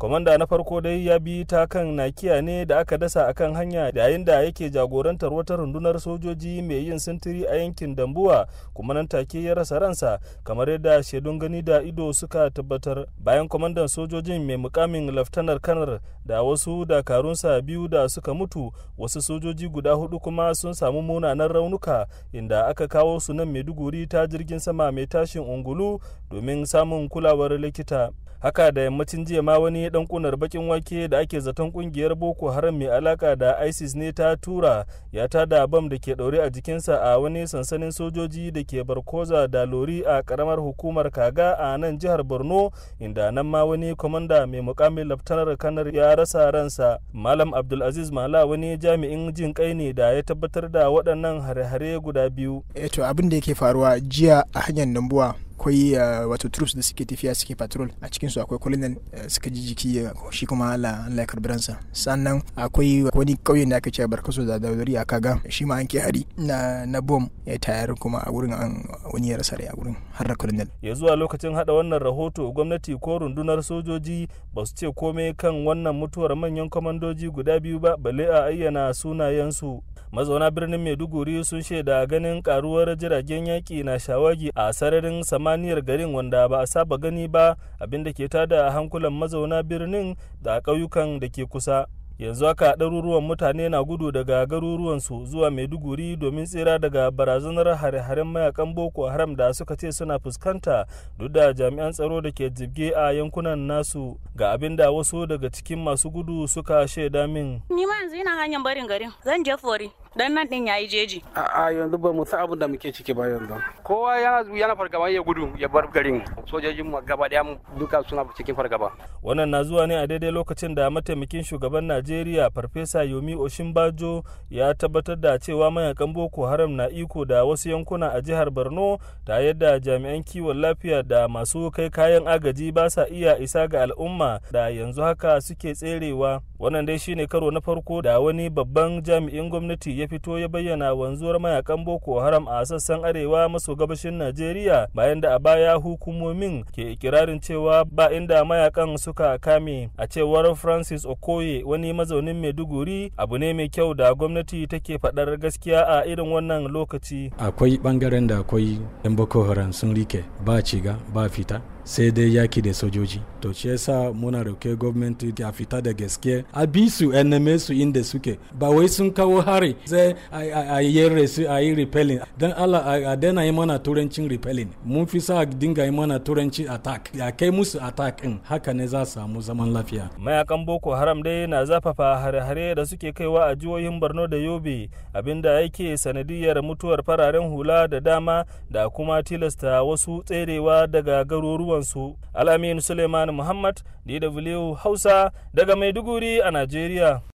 kwamanda na farko dai ya bi ta kan nakiya ne da aka dasa a kan hanya yayin da yake jagorantar wata rundunar sojoji mai yin sintiri a yankin dambuwa kuma nan take ya rasa ransa kamar yadda shaidun gani da ido suka tabbatar bayan kwamandan sojojin mai mukamin laftanar kanar da wasu dakarunsa biyu da suka mutu wasu sojoji guda hudu kuma sun samu munanan raunuka inda aka kawo su nan maiduguri ta jirgin sama mai tashin ungulu domin samun kulawar likita haka da yammacin jiya ma wani dan kunar bakin wake da ake zaton kungiyar boko haram mai alaka da isis ne ta tura ya tada bam da ke daure a jikinsa a wani sansanin sojoji da ke barkoza da lori a karamar hukumar kaga a nan jihar borno inda nan ma wani kwamanda mai mukamin laftanar kanar ya rasa ransa malam abdulaziz mala wani jami'in jin kai ne da ya tabbatar da waɗannan hare-hare guda biyu. eto eh abin da yake faruwa jiya a hanyar nambuwa akwai eh, wato troops da suke tafiya suke patrol a cikinsu akwai colonel eh, suka ji jiki eh, shi kuma Allah Allah ya karbi sannan akwai wani ƙauyen da aka ce barkaso da dauri a kaga shi ma an ke hari na na bom ya tayar kuma a wurin an wani ya rasa rai a gurin har da ya zuwa lokacin hada wannan rahoto gwamnati ko rundunar sojoji ba su ce komai kan wannan mutuwar manyan kwamandoji guda biyu ba bale a ayyana sunayensu mazauna birnin maiduguri sun shaida ganin karuwar jiragen yaƙi na shawagi a sararin samaniyar garin wanda ba a saba gani ba abinda ke tada hankulan mazauna birnin da ƙauyukan da ke kusa yanzu haka ɗaruruwan mutane na gudu daga garuruwansu zuwa maiduguri domin tsira daga barazanar hare-haren mayakan boko haram da suka ce suna fuskanta duk da jami'an tsaro da ke jibge a yankunan nasu ga abin da wasu daga cikin masu gudu suka shaida min ni ma yanzu ina hanyar barin garin zan je fori dan nan din yayi jeji a'a yanzu ba mu san abin da muke ciki ba yanzu kowa yana yana fargaba ya gudu ya bar garin sojojin mu gaba daya duka suna cikin fargaba wannan na zuwa ne a daidai lokacin da mataimakin shugaban Najeriya najeriya farfesa yomi oshimbajo ya tabbatar da cewa mayakan boko haram na iko da wasu yankuna a jihar borno ta yadda jami'an kiwon lafiya da masu kai kayan agaji ba sa iya isa ga al'umma da yanzu haka suke tserewa wannan dai shine karo na farko da wani babban jami'in gwamnati ya fito ya bayyana wanzuwar mayakan boko haram a sassan arewa maso gabashin najeriya bayan da a baya hukumomin ke ikirarin cewa ba inda mayakan suka kame a cewar francis okoye wani mazaunin maiduguri abu ne mai kyau da gwamnati take faɗar gaskiya a irin wannan lokaci akwai ɓangaren da akwai yan boko haram sun rike ba ciga ba fita sai dai yaki da sojoji to shi yasa muna roke gwamnati ta fita da gaske a bi su neme su inda suke ba wai sun kawo hari sai a yi su a yi repelin don allah a daina yi mana turancin repelling mun fi sa dinga yi mana turanci attack ya kai musu attack in haka ne za samu zaman lafiya mayakan boko haram dai na zafafa hare-hare da suke kaiwa a jihohin borno da yobe abinda yake sanadiyar mutuwar fararen hula da dama da kuma tilasta wasu tserewa daga garuruwansu alamin suleiman Muhammad DW Hausa daga Maiduguri a Najeriya.